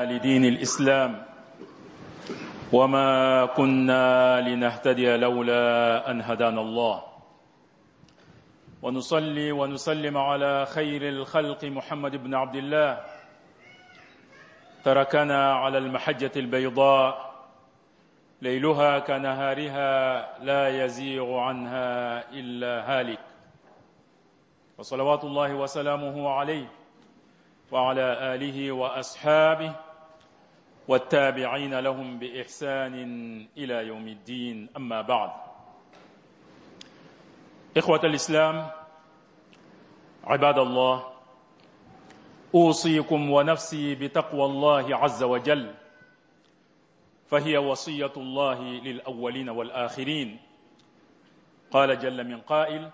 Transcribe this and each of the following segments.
لدين الإسلام وما كنا لنهتدي لولا أن هدانا الله ونصلي ونسلم على خير الخلق محمد بن عبد الله تركنا على المحجة البيضاء ليلها كنهارها لا يزيغ عنها إلا هالك وصلوات الله وسلامه عليه وعلى آله وأصحابه والتابعين لهم بإحسان إلى يوم الدين أما بعد إخوة الإسلام عباد الله أوصيكم ونفسي بتقوى الله عز وجل فهي وصية الله للأولين والآخرين قال جل من قائل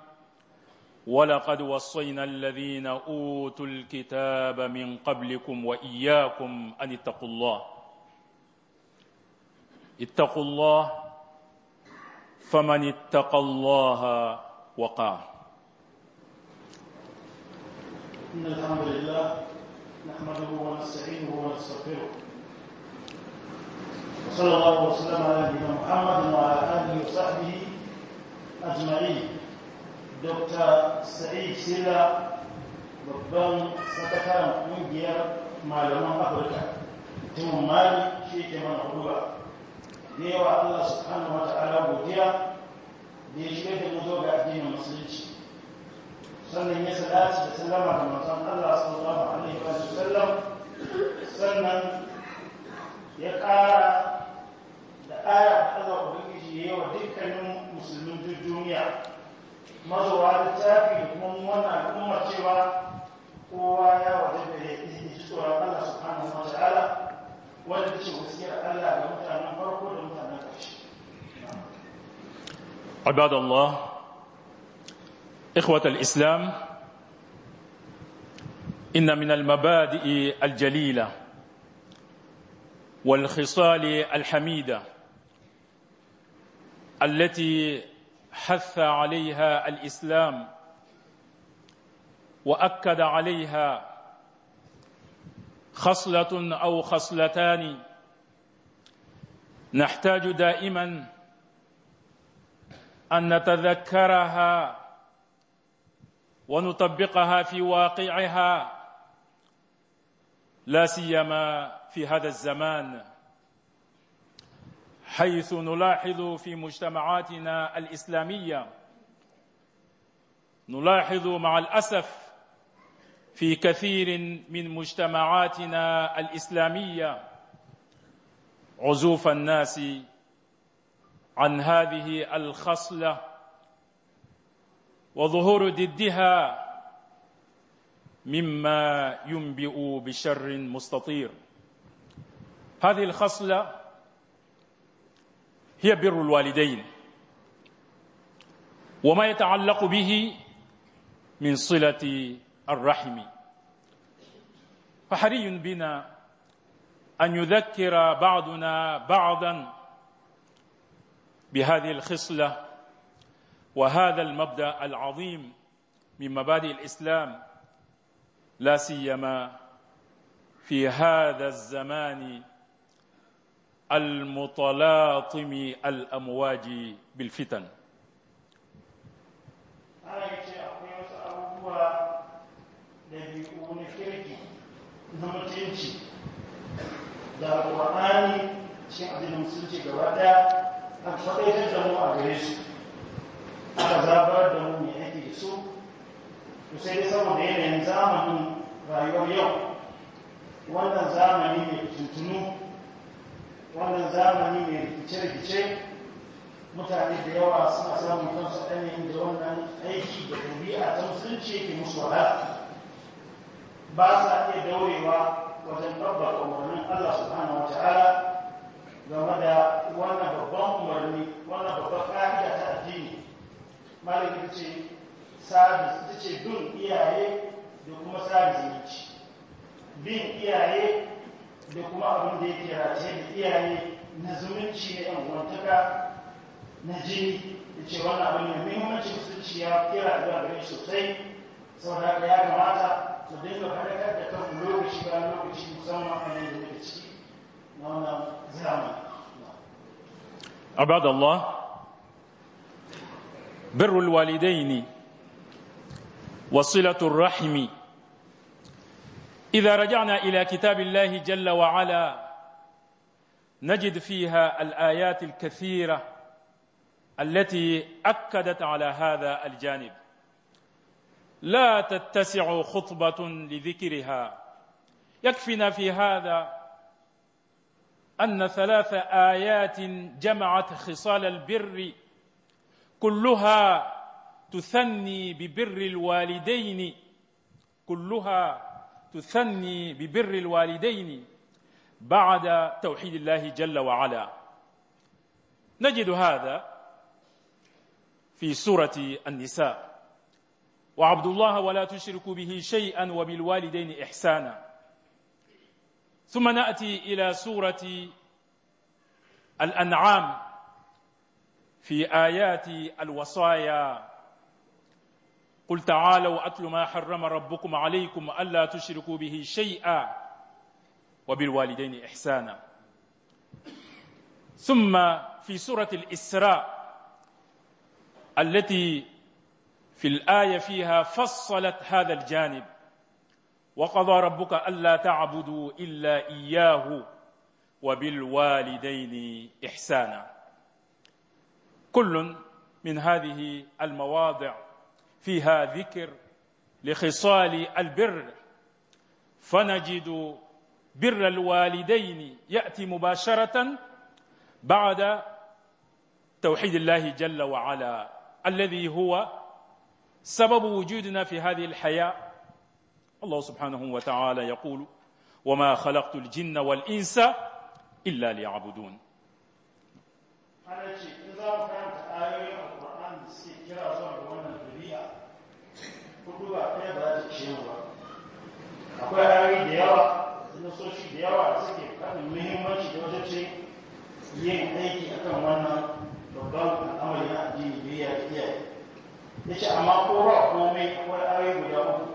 ولقد وصينا الذين أوتوا الكتاب من قبلكم وإياكم أن اتقوا الله اتقوا الله فمن اتقى الله وقاه إن الحمد لله نحمده ونستعينه ونستغفره وصلى الله وسلم على نبينا محمد وعلى آله وصحبه أجمعين دكتور سعيد سيلا babban sakataren ƙungiyar malaman Afirka, Timon Mali shi ke mana hudu da yawa Allah subhanahu wa ta'ala godiya da ya shiga da mu zo ga addinin musulunci sannan ya salati da sallama da manzon Allah sallallahu alaihi wa sallam sannan ya ƙara da aya Allah ubangiji ya yi wa dukkanin musulmin duniya mazowa da عباد الله إخوة الإسلام إن من المبادئ الجليلة والخصال الحميدة التي حث عليها الإسلام وأكد عليها خصلة أو خصلتان نحتاج دائماً أن نتذكرها ونطبقها في واقعها لا سيما في هذا الزمان حيث نلاحظ في مجتمعاتنا الإسلامية نلاحظ مع الأسف في كثير من مجتمعاتنا الإسلامية عزوف الناس عن هذه الخصلة وظهور ضدها مما ينبئ بشر مستطير هذه الخصلة هي بر الوالدين وما يتعلق به من صلة الرحم فحري بنا أن يذكر بعضنا بعضا بهذه الخصلة وهذا المبدأ العظيم من مبادئ الإسلام لا سيما في هذا الزمان المتلاطم الأمواج بالفتن na mutunci da alƙur'ani shi abin musulci gaba ɗaya a faɗaitar da mu a gare su aka zabar da mu mai ake so. su to sai dai saboda yanayin zamanin rayuwar yau wannan zamani mai tuntunu wannan zamani mai rikice-rikice mutane da yawa suna samun kansu ɗanayin da wannan aiki da ɗabi'a ta musulunci yake musu wahala ba sa iya daurewa wajen ɗabbaka umarnin Allah subhanahu wa ta'ala game da wannan babban umarni wannan babban ƙa'ida ta addini malaki ta ce sabis ta ce bin iyaye da kuma sabis zumunci bin iyaye da kuma abin da yake race da iyaye na zumunci na yan uwantaka na jini da ce wannan abin mai muhimmanci musulunci ya kira zuwa gare shi sosai saboda haka ya kamata su dinga fadakar da kan lokaci bayan lokaci musamman a yanzu da ciki نعم. نعم. عباد الله بر الوالدين وصلة الرحم إذا رجعنا إلى كتاب الله جل وعلا نجد فيها الآيات الكثيرة التي أكدت على هذا الجانب لا تتسع خطبة لذكرها يكفينا في هذا أن ثلاث آيات جمعت خصال البر كلها تثني ببر الوالدين كلها تثني ببر الوالدين بعد توحيد الله جل وعلا نجد هذا في سورة النساء وعبد الله ولا تشركوا به شيئا وبالوالدين إحسانا ثم ناتي الى سوره الانعام في ايات الوصايا قل تعالوا اتل ما حرم ربكم عليكم الا تشركوا به شيئا وبالوالدين احسانا ثم في سوره الاسراء التي في الايه فيها فصلت هذا الجانب وقضى ربك ألا تعبدوا إلا إياه وبالوالدين إحسانا كل من هذه المواضع فيها ذكر لخصال البر فنجد بر الوالدين يأتي مباشرة بعد توحيد الله جل وعلا الذي هو سبب وجودنا في هذه الحياه الله سبحانه وتعالى يقول وما خلقت الجن والإنس إلا ليعبدون akwai ayoyi da yawa nasoshi da yawa da suke bukatar muhimmanci da wajen ce yin aiki akan wannan babban al'amari na addini biyayya da iyaye ya ce amma ko ba komai akwai ayoyi guda uku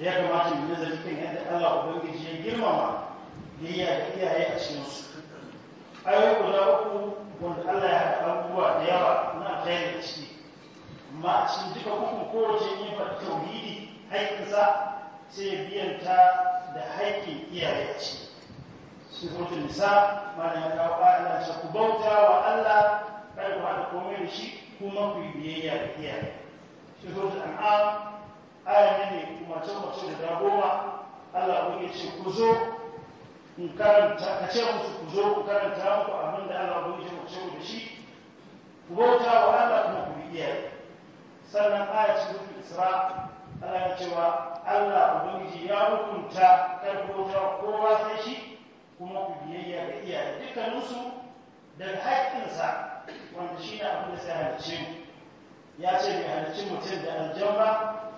da ya kamata mu nazari kan yadda Allah ubangiji ya girmama biyayya da iyaye a cikin su ayoyi guda uku wanda Allah ya haɗa abubuwa da yawa na ɗaya da ciki amma a cikin duka uku kowace yin faɗi tauhidi haƙƙinsa sai biyanta da haƙƙin iyaye a ciki sifofin nisa mana ya kawo Allah ce ku bauta wa Allah kai ku haɗa komai da shi kuma ku yi biyayya da iyaye sifofin an'am ayan ne umarce umarce da dagoma Allah ya ce ku zo in karanta ka ce musu ku zo ku karanta muku abin da Allah ya ce ku da shi ku bauta wa Allah kuma ku iya sannan aya cikin Isra Allah ya cewa Allah ubangiji ya hukunta kar bauta kowa sai shi kuma ku biyayya ga iyaye dukkaninsu daga haƙƙinsa wanda shi ne abin da sai halicci ya ce bai halicci mutum da aljan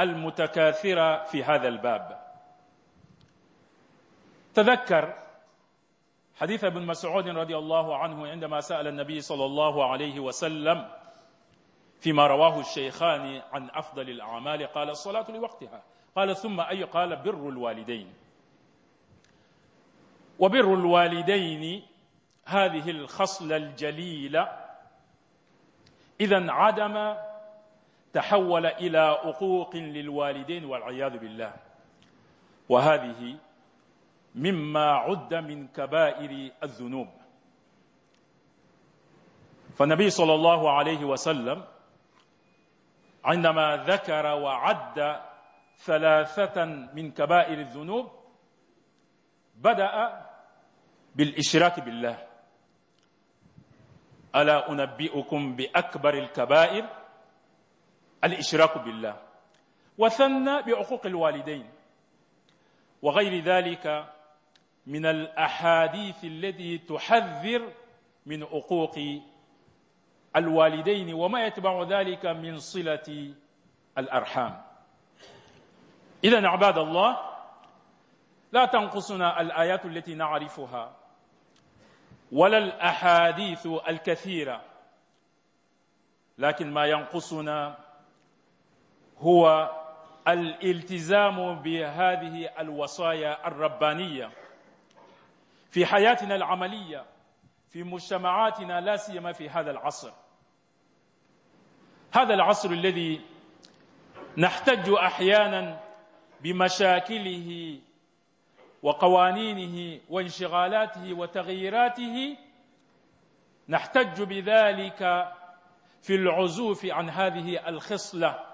المتكاثرة في هذا الباب تذكر حديث ابن مسعود رضي الله عنه عندما سأل النبي صلى الله عليه وسلم فيما رواه الشيخان عن أفضل الأعمال قال الصلاة لوقتها قال ثم أي قال بر الوالدين وبر الوالدين هذه الخصلة الجليلة إذا عدم تحول إلى عقوق للوالدين والعياذ بالله وهذه مما عد من كبائر الذنوب فالنبي صلى الله عليه وسلم عندما ذكر وعد ثلاثة من كبائر الذنوب بدأ بالإشراك بالله ألا أنبئكم بأكبر الكبائر الإشراك بالله وثنى بعقوق الوالدين وغير ذلك من الأحاديث التي تحذر من عقوق الوالدين وما يتبع ذلك من صلة الأرحام إذا عباد الله لا تنقصنا الآيات التي نعرفها ولا الأحاديث الكثيرة لكن ما ينقصنا هو الالتزام بهذه الوصايا الربانية في حياتنا العملية في مجتمعاتنا لا سيما في هذا العصر هذا العصر الذي نحتج أحيانا بمشاكله وقوانينه وانشغالاته وتغييراته نحتج بذلك في العزوف عن هذه الخصله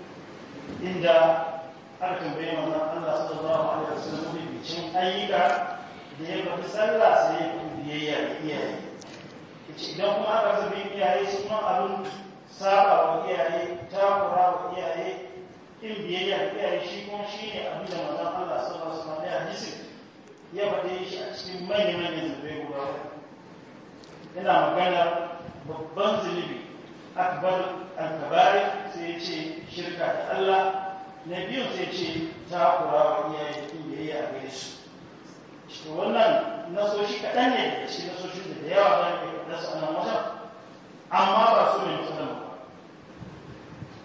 inda har tambaye manzon Allah sallallahu alaihi wasallam bibicin ayyuka da ya faɗi sallah sai ya fi biyayya iyaye idan kuma aka zabi iyaye su ma abin saba wa iyaye takura wa iyaye in biyayya ya iyaye shi kuma shi ne abin da manzon Allah sallallahu alaihi wasallam ya hadisi ya faɗe shi a cikin manyan manyan zabe guda yana magana babban zunubi akbar al-kabari sai ya ce shirka da Allah na biyu sai ce takura wa iyaye in da ya gare su shi wannan nasoshi kaɗan ne da shi nasoshi da yawa ba ne da su ana wata amma ba su ne musamman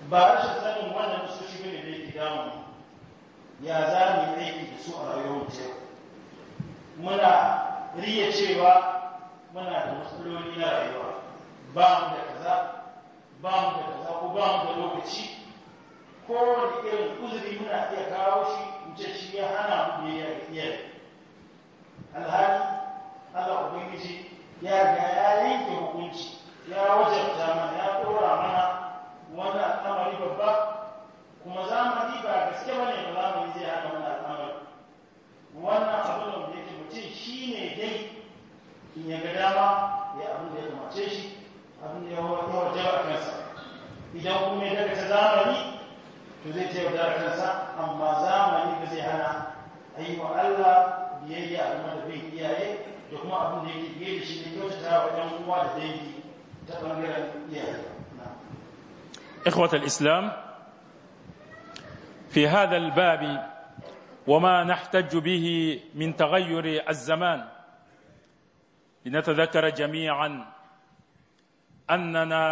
ba ba rashin sanin wannan nasoshi bane da yake damu ya za mu yi aiki da su a rayuwar ta yau muna riya cewa muna da matsaloli na rayuwa ba mu da kaza ba mu da kaza ko ba mu da lokaci kowane irin uzuri muna iya kawo shi wuce shi ya hana mu biyayya ga iyaye alhali Allah ubangiji ya riga إخوة الإسلام في هذا الباب وما نحتج به من تغير الزمان لنتذكر جميعا أننا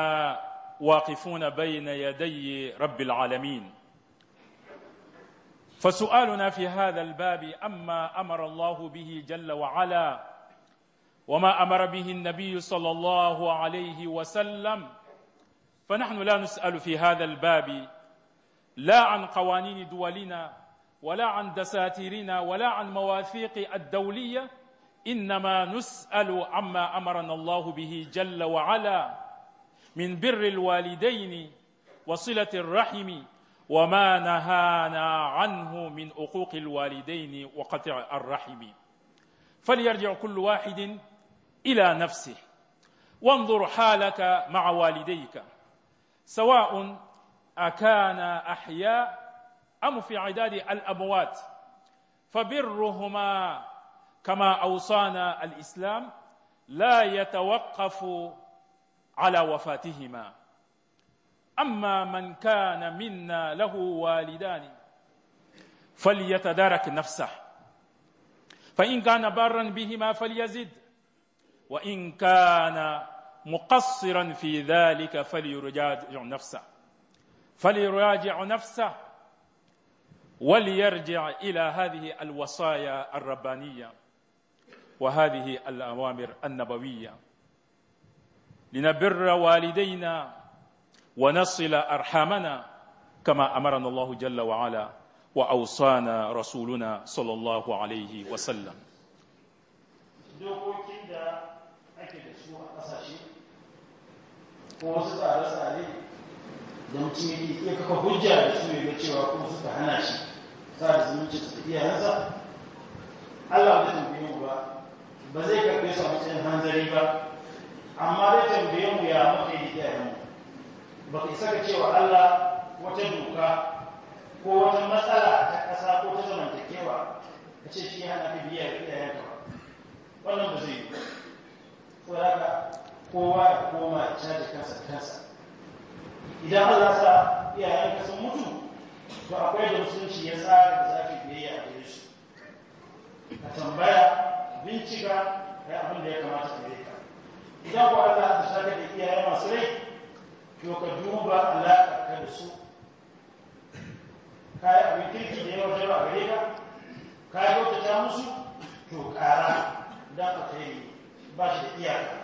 واقفون بين يدي رب العالمين فسؤالنا في هذا الباب أما أمر الله به جل وعلا وما أمر به النبي صلى الله عليه وسلم فنحن لا نسأل في هذا الباب لا عن قوانين دولنا ولا عن دساتيرنا ولا عن مواثيق الدولية إنما نسأل عما أمرنا الله به جل وعلا من بر الوالدين وصلة الرحم وما نهانا عنه من حقوق الوالدين وقطع الرحم فليرجع كل واحد إلى نفسه وانظر حالك مع والديك سواء أكان أحياء أم في عداد الأموات فبرهما كما أوصانا الإسلام لا يتوقف على وفاتهما أما من كان منا له والدان فليتدارك نفسه فإن كان بارا بهما فليزد وإن كان مقصرا في ذلك فليراجع نفسه فليراجع نفسه وليرجع إلى هذه الوصايا الربانية وهذه الأوامر النبوية لنبر والدينا ونصل أرحامنا كما أمرنا الله جل وعلا وأوصانا رسولنا صلى الله عليه وسلم ko wasu tsare-tsare da mutum ya iya kafa hujja da su ya cewa kuma suka hana shi sa da zumunci su iya hansa Allah bai tambaye mu ba ba zai karɓe su a matsayin hanzari ba amma zai tambaye mu ya muke da iyayen mu ba ka isa ka cewa Allah wata doka ko wata matsala ta ƙasa ko ta zamantakewa ka ce shi hana ka biya da iyayen ka ba wannan ba zai yi ba. kowa ya koma ya caji kansa kansa idan Allah sa iyayen yin sun mutu to akwai da musulunci ya tsara da zaki biyayya a gare su a tambaya bincika ya abin da ya kamata a yi ka idan ku Allah ta shaka da iyaye masu rai to ka duba alaƙa ka da su ka yi abin kirki da yawa jama gare ka ka yi kyautata musu to ƙara don ka yi ba shi da iyaka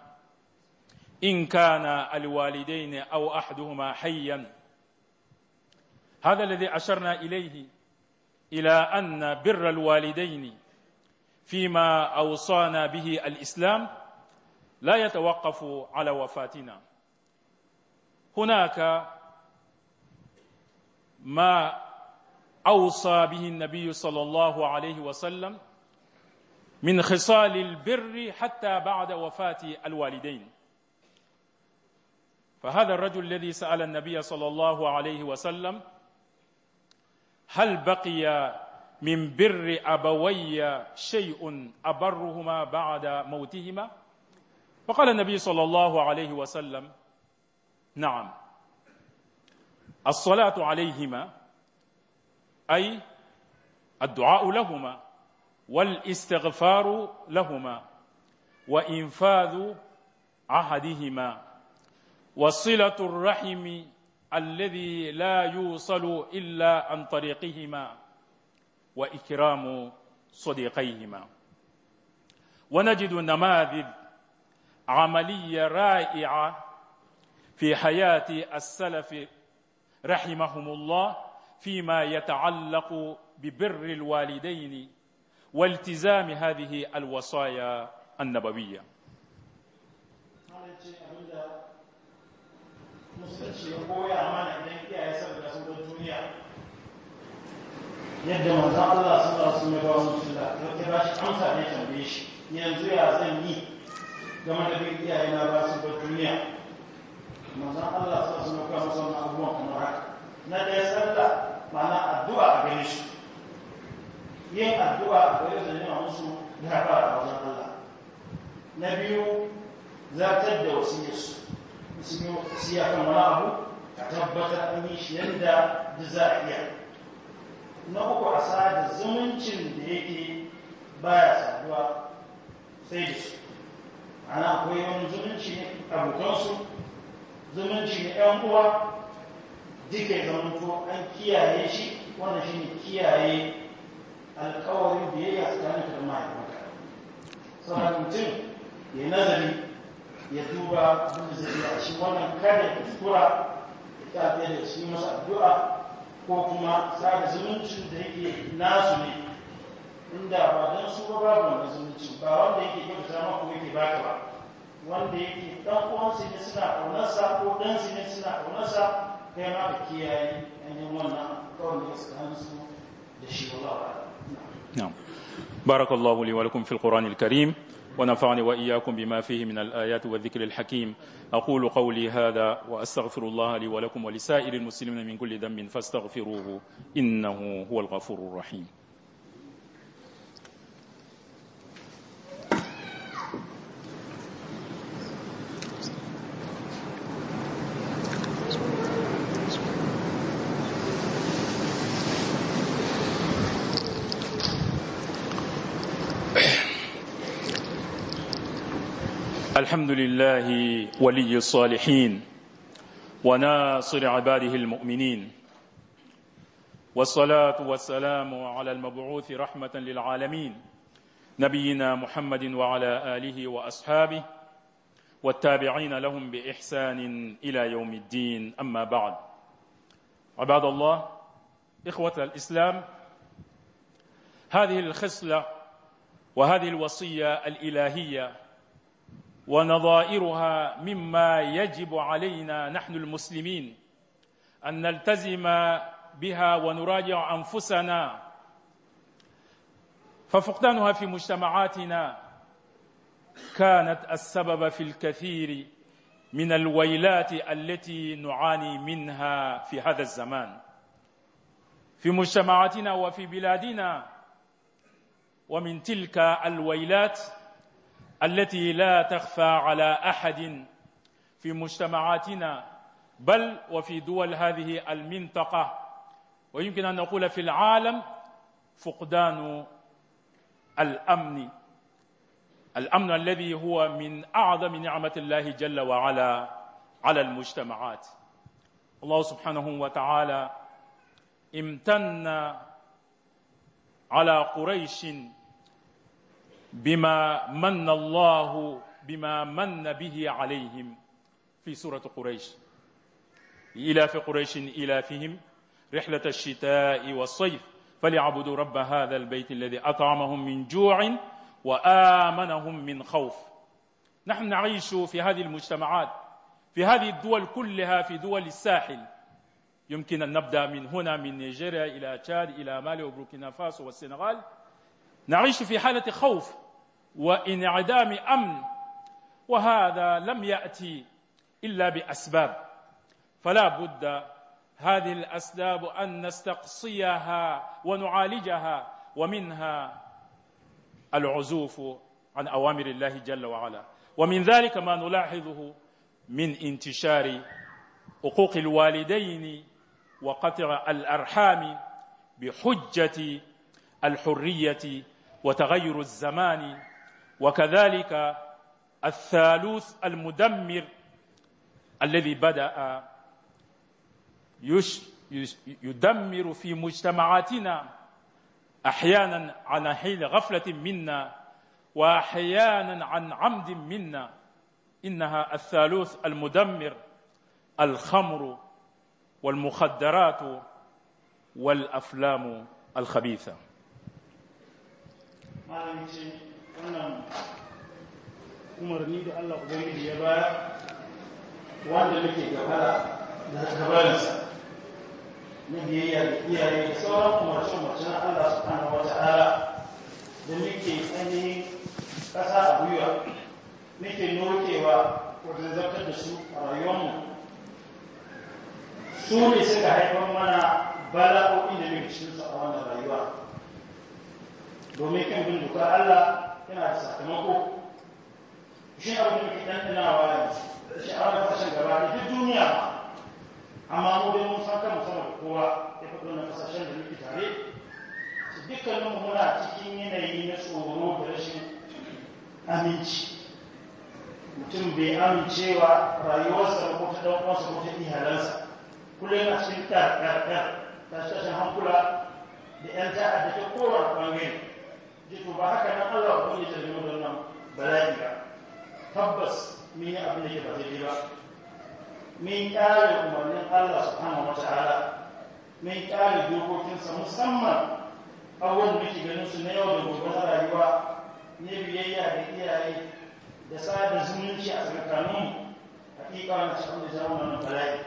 إن كان الوالدين أو أحدهما حيا هذا الذي أشرنا إليه إلى أن بر الوالدين فيما أوصانا به الإسلام لا يتوقف على وفاتنا هناك ما أوصى به النبي صلى الله عليه وسلم من خصال البر حتى بعد وفاة الوالدين فهذا الرجل الذي سأل النبي صلى الله عليه وسلم هل بقي من بر أبوي شيء أبرهما بعد موتهما فقال النبي صلى الله عليه وسلم نعم الصلاة عليهما أي الدعاء لهما والاستغفار لهما وإنفاذ عهدهما وصلة الرحم الذي لا يوصل إلا عن طريقهما وإكرام صديقيهما ونجد نماذج عملية رائعة في حياة السلف رحمهم الله فيما يتعلق ببر الوالدين والتزام هذه الوصايا النبوية musulunci ya koya mana idan iyaye sun da sun duniya yadda manzon Allah sallallahu alaihi wasallam ya ba mu ya kira shi amsa ne tambaye shi yanzu ya zan yi game da bin iyaye na ba su duniya manzon Allah sallallahu alaihi wasallam ya ba a abubuwan kamar haka na ɗaya sallah mana addu'a a gani shi yin addu'a a gare su yana musu ya ba a wajen Allah na biyu zartar da yasu sun yi siya wani abu ka tabbata an yi shi yadda da za a iya na uku a sada zumuncin da yake baya saduwa sai da su ana akwai wani zumunci ne abokansu zumunci ne yan uwa duka ya zamanto an kiyaye shi wanda shi ne kiyaye alkawarin da ya yi a tsakanin kalmar maka sauran ya nazari ya duba abin da zai iya shi wannan kada ya kuskura ya tafiya da shi masa addu'a ko kuma sada zumuncin da yake nasu ne inda ba don su ba babu wanda zumunci ba wanda yake kyauta maka yake baka ba wanda yake dan uwansa ne suna ƙaunarsa ko dan ne suna ƙaunarsa kai ma ka kiyaye ainihin wannan kawai da suka hansu da shi wallahu a'lam نعم بارك الله لي ولكم في القرآن الكريم ونفعني وإياكم بما فيه من الآيات والذكر الحكيم أقول قولي هذا وأستغفر الله لي ولكم ولسائر المسلمين من كل ذنب فاستغفروه إنه هو الغفور الرحيم الحمد لله ولي الصالحين وناصر عباده المؤمنين والصلاة والسلام على المبعوث رحمة للعالمين نبينا محمد وعلى آله وأصحابه والتابعين لهم بإحسان إلى يوم الدين أما بعد عباد الله إخوة الإسلام هذه الخصلة وهذه الوصية الإلهية ونظائرها مما يجب علينا نحن المسلمين أن نلتزم بها ونراجع أنفسنا ففقدانها في مجتمعاتنا كانت السبب في الكثير من الويلات التي نعاني منها في هذا الزمان في مجتمعاتنا وفي بلادنا ومن تلك الويلات التي لا تخفى على أحد في مجتمعاتنا بل وفي دول هذه المنطقة ويمكن أن نقول في العالم فقدان الأمن الأمن الذي هو من أعظم نعمة الله جل وعلا على المجتمعات الله سبحانه وتعالى امتن على قريش بما من الله بما من به عليهم في سورة قريش في قريش فيهم رحلة الشتاء والصيف فليعبدوا رب هذا البيت الذي أطعمهم من جوع وآمنهم من خوف نحن نعيش في هذه المجتمعات في هذه الدول كلها في دول الساحل يمكن أن نبدأ من هنا من نيجيريا إلى تشاد إلى مالي وبوركينا فاسو والسنغال نعيش في حالة خوف وانعدام امن وهذا لم ياتي الا باسباب فلا بد هذه الاسباب ان نستقصيها ونعالجها ومنها العزوف عن اوامر الله جل وعلا ومن ذلك ما نلاحظه من انتشار حقوق الوالدين وقطع الارحام بحجه الحريه وتغير الزمان وكذلك الثالوث المدمر الذي بدأ يش يدمر في مجتمعاتنا أحيانا عن حين غفلة منا وأحيانا عن عمد منا إنها الثالوث المدمر الخمر والمخدرات والأفلام الخبيثة. wannan umarni da Allah Ubangiji ya bayar wanda muke gabara na gabarinsa na biyayya da iyaye da sauran umarce-umarce na Allah subhanahu wa ala da muke tsani ƙasa a gwiwa muke nokewa wajen zartar da su a rayuwarmu su ne suka haifar mana bala'o'i da muke cikinsu a wannan rayuwa domin kan bin dokar Allah yana da sakamako shi abu da muke ɗanɗanawa yanzu shi a wani kasashen gaba da duk duniya ma amma mu dai mun san kanmu sama da kowa ya faɗi wannan kasashen da muke tare dukkaninmu muna cikin yanayi na tsoro da rashin aminci mutum bai amincewa rayuwarsa da kuma ta ɗan'uwansa ko ta iyalansa kullum a cikin shi tashe shan hankula da ‘yan ta'adda ta kowane ɓangare to ba haka nan Allah ku ya tarbi wannan bala'i ba tabbas mun yi abin da ke ba daidai ba mun kare umarnin Allah subhanahu wa ta'ala mun kare dokokinsa musamman abubuwan da muke ganin su na yau da gobe na rayuwa ne biyayya da iyaye da sada zumunci a tsakaninmu hakika na cikin da zama nan bala'i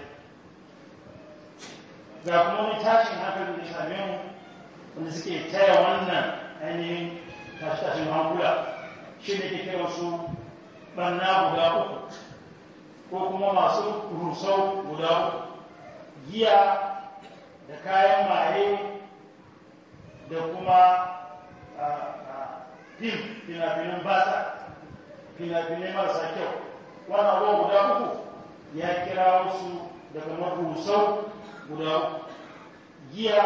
ga kuma wani tashin hankali da same mu wanda suke taya wannan ainihin tashin hankula shi ne ke kira su ɓanna guda uku ko kuma masu rusau guda uku giya da kayan maye da kuma fim fina-finan basa fina-finai marasa kyau wani abuwa guda uku ya kira wasu daga marusau guda uku giya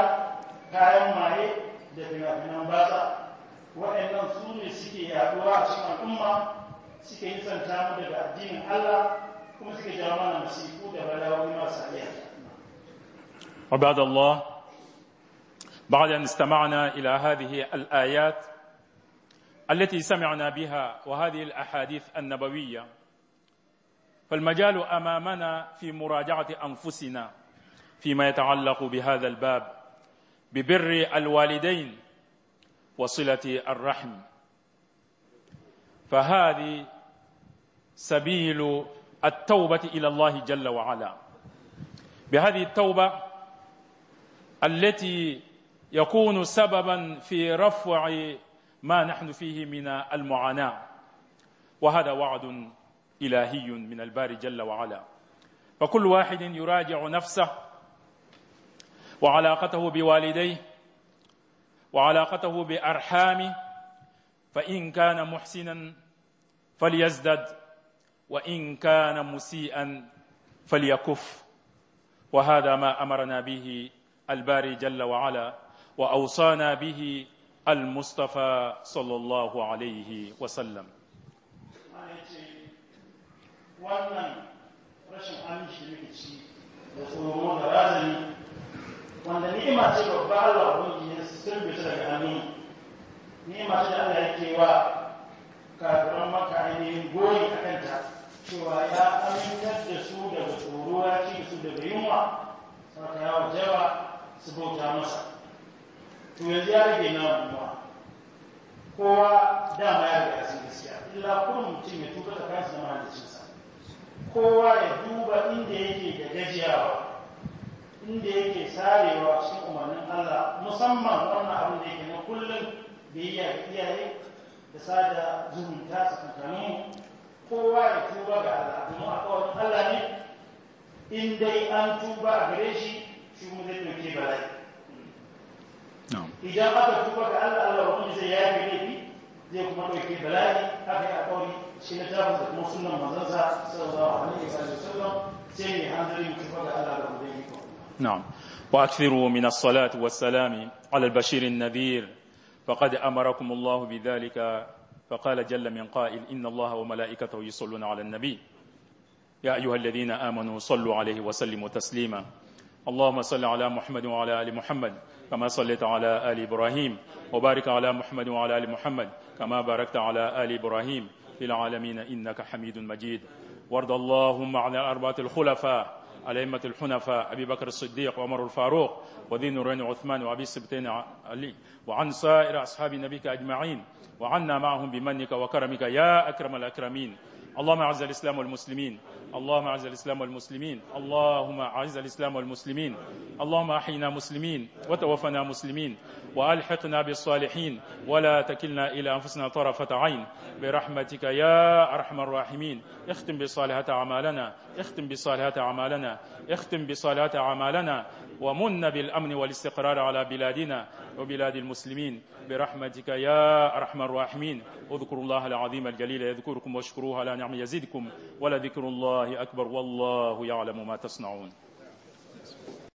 kayan maye da fina-finan batsa waɗannan su ne suke yaduwa a cikin al'umma suke nisanta mu daga addinin Allah kuma suke jawo mana musiku da bala'o'i masu aliyah وبعد الله بعد أن استمعنا إلى هذه الآيات التي سمعنا بها وهذه الأحاديث النبوية فالمجال أمامنا في مراجعة أنفسنا فيما يتعلق بهذا الباب ببر الوالدين وصلة الرحم فهذه سبيل التوبة إلى الله جل وعلا بهذه التوبة التي يكون سببا في رفع ما نحن فيه من المعاناة وهذا وعد إلهي من الباري جل وعلا فكل واحد يراجع نفسه وعلاقته بوالديه وعلاقته بأرحامه فإن كان محسنا فليزدد وإن كان مسيئا فليكف وهذا ما أمرنا به الباري جل وعلا وأوصانا به المصطفى صلى الله عليه وسلم wannan rashin aminci da ke ci da tsoron da razani wanda ma ce babba Allah ubangiji ya sirbe ta daga ni ma ce da Allah yake wa kafiran maka ainihin goyi a kanta cewa ya amintar da su da tsoro ya ci su daga yunwa saka ya jawa su bauta masa to yanzu ya rage na Ko kowa dama ya ga sun gaskiya illa kuma mutum ya tuka tsakanin da mahaliccinsa kowa ya duba inda yake da inda yake sarewa cikin umarnin Allah musamman wannan abin da yake na kullum da ga iyaye da sada zumunta tsakankanin kowa ya tuba ga Allah a alƙawarin Allah ne in dai an tuba a gare shi shi mu zai ɗauke bala'i idan aka tuba ga Allah Allah wa wani zai yafe laifi zai kuma ɗauke bala'i haka ya alƙawari shi na tafi da kuma sunan manzansa sallallahu alaihi wa sallam sai ne hanzarin tuba ga Allah da mu zai yi ba. نعم وأكثروا من الصلاة والسلام على البشير النذير فقد أمركم الله بذلك فقال جل من قائل إن الله وملائكته يصلون على النبي يا أيها الذين آمنوا صلوا عليه وسلموا تسليما اللهم صل على محمد وعلى آل محمد كما صليت على آل إبراهيم وبارك على محمد وعلى آل محمد كما باركت على آل إبراهيم في العالمين إنك حميد مجيد وارض اللهم على أربعة الخلفاء الأئمة الحنفاء أبي بكر الصديق وعمر الفاروق وذي نورين عثمان وأبي السبتين علي وعن سائر أصحاب نبيك أجمعين وعنا معهم بمنك وكرمك يا أكرم الأكرمين اللهم اعز الاسلام والمسلمين اللهم اعز الاسلام والمسلمين اللهم اعز الاسلام والمسلمين اللهم احينا مسلمين وتوفنا مسلمين والحقنا بالصالحين ولا تكلنا الى انفسنا طرفه عين برحمتك يا ارحم الراحمين اختم بصالحات اعمالنا اختم بصالحات اعمالنا اختم بصالحات اعمالنا ومن بالامن والاستقرار على بلادنا وبلاد المسلمين برحمتك يا أرحم الراحمين اذكروا الله العظيم الجليل يذكركم واشكروه على نعم يزدكم ولذكر الله أكبر والله يعلم ما تصنعون